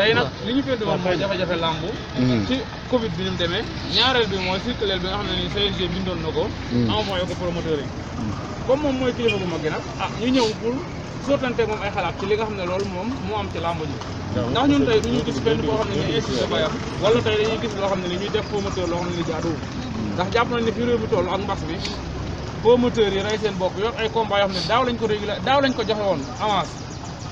tey nag li ñu féete woon mooy jafe-jafe làmb mm-hmm. ci Covid bi ni mu demee ñaareel bi mooy circulaire bi nga xam ne nii CNG bindoon na ko. Mm-hmm. envoyé ko promoteur yi. Mm-hmm. comme moom mooy kilifa bu mag gi ah, ñu ñëw pour sottante ay xalaat li nga xam ne loolu moom moo am ci làmb ndax ñun tey ñu gis benn boo xam ne nii institut dafay am tey dañuy gis loo xam ne ni ñuy def promoteur loo xam ne ni jaaduwul. ndax jàpp nañ ne fi réew bi toll ak mbas bi promoteurs yi rey seen bopp yor ay combat yoo daaw lañ ko régulé daaw lañ ko joxe woon avance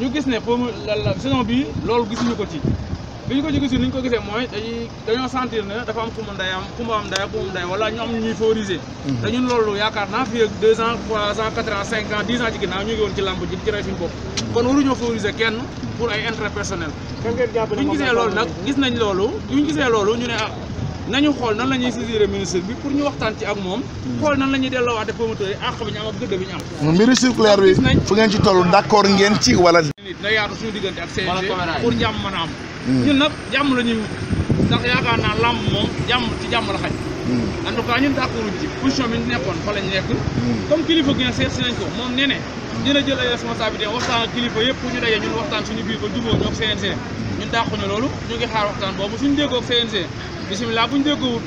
ñu gis ne pour la saison bi loolu gisuñu ko ci li ñu ko ci gisul ni ñu ko gisee mooy dañuy dañoo sentir ne dafa am kumba nday am kumba am nday kumba nday wala ñu am ñuy favoriser mhm. te loolu yaakaar naa fii ak deux ans trois ans quatre ans cinq ans dix ans ci ginnaaw ñu ngi woon ci làmb ji di kon waruñoo favoriser kenn pour ay intérêt personnel ñu nag gis nañ loolu bu ñu gisee ne ah nañu xool nan la ñuy ministre bi pour ñu waxtaan ci ak moom. xool nan la ñuy delloowaate promoteur bi ñu am ak gëdd bi ñu am. mbiru bi fu ngeen ci toll d'accord ngeen ci wala. na yaatu suñu diggante ak a am. Hmm. ñun la ñuy wut ndax yaakaar naa làmb moom jàmm ci jàmm la xaj. Hmm. en tout cas ñun d'accorduñ ci position bi ñu nekkoon fa lañ nekk. Hmm. comme kilifa gi seet si nañ ko moom nee na dina jël ay responsabilité waxtaan kilifa yëpp ñu daje ñun waxtaan suñu biir ba jubóo ñoog CNG ñun dàquñu loolu ñu bisimilah bu ñu déggoo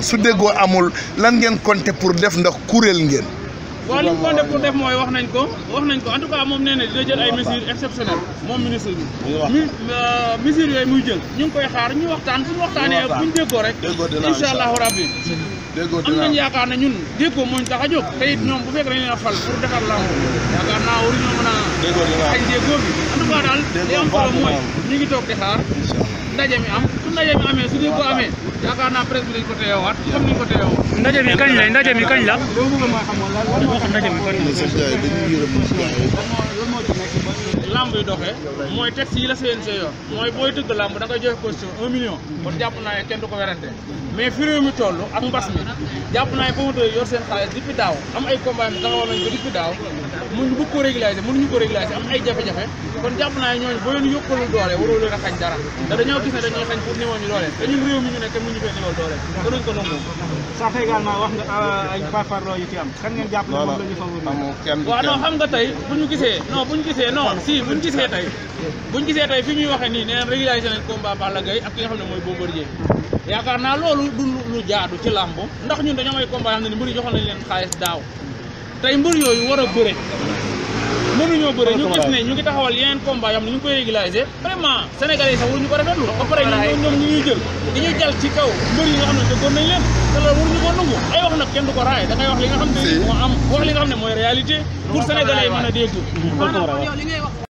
su déggoo amul lan ngeen compté pour def ndax kuréel ngeen. waaw li pour def mooy wax nañ ko wax nañ ko en tout cas moom nee dina jël ay mesures exceptionnelles ministre bi. Euh, mesures yooyu muy jël ñu koy xaar ñu waxtaan bu ñu waxtaanee bu rek. incha allahu rabbi déggoo am nañ yaakaar ñun bu fekk fal pour yaakaar xañ bi en tout cas li am solo ngi di xaar. ndaje mi am su ndaje mi amee su dee ko amee yaakaar naa presse bi dañ ko teewaat xam ni ko teewaat. ndaje la ndaje mi kañ la. loolu moom mooy xamoon xam ndaje mi kañ la. monsieur Ndiaye dañuy yi doxee mooy texte yi la CNG yor mooy booy tëgg lamb da ngay joxe caution un million. kon jàpp naa ne kenn du ko werante mais fi mi toll ak mbas mi jàpp naa ne promoteur yi yor seen xaalis daaw am ay combat mi taxawal nañ ko depuis daaw mënuñu bëgg ko régulariser mënuñu ko régulariser am ay jafe-jafe kon jàpp naa ne ñooñu boo leen yokkalul doole waroo te dañoo gis ne dañuy xañ pour néew ñu doole te ñun réew mi ñu nekk mu ñu fee néewal doole. gënuñ ko nangu. sax également wax nga ah, am. ne moom la xam nga tey bu ñu gisee non bu ñu gisee non si bu ñu gisee tey bu ñu gisee tey fi ñuy waxee nii nee na régularisé nañ combat Balla Gaye ak ki nga xam ne mooy Bombardier yaakaar naa loolu du lu jaadu ci làmb ndax ñun dañoo may combat yoo xam ne mbir yi joxoon nañ leen xaalis daaw tey mbir yooyu war a bëre mënuñoo bëre ñu gis ne ñu ngi taxawal yeneen combat yoo xam ñu ngi koy régulariser vraiment sénégalais yi sax waruñu ko rafetlu ba pare ñoom ñoom ñu ñuy jël dañuy jàll ci kaw mbër yi nga xam ne dëggoon nañ leen te loolu waruñu ko nangu ay wax nag kenn du ko raaye da wax li nga xam ne moo am wax li nga xam ne mooy réalité pour sénégalais yi mën a dégg